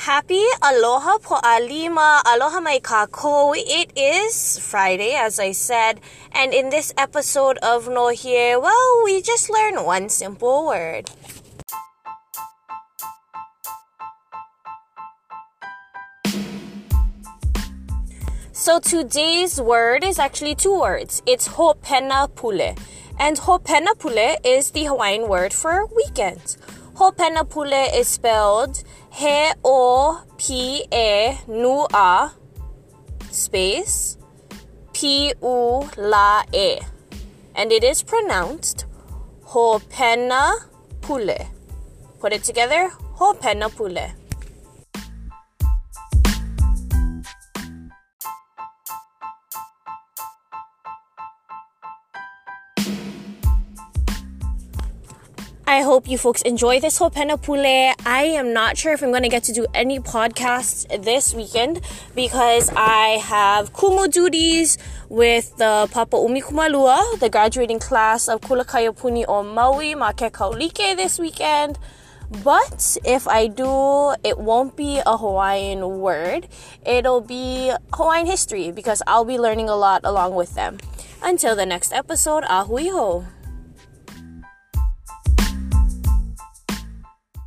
Happy Aloha Po'alima, Aloha Mai Kako. It is Friday, as I said, and in this episode of No Here, well, we just learn one simple word. So today's word is actually two words. It's ho pena Pule. And hopenapule is the Hawaiian word for weekend. Hopenapule is spelled a space P U L A E. And it is pronounced Hopenapule. Put it together, Hopenapule. I hope you folks enjoy this whole Penapule. I am not sure if I'm going to get to do any podcasts this weekend because I have Kumu duties with the Papa Umi Kumalua, the graduating class of Kulakayapuni on Maui, Make Kaulike this weekend. But if I do, it won't be a Hawaiian word. It'll be Hawaiian history because I'll be learning a lot along with them. Until the next episode, ahui ho!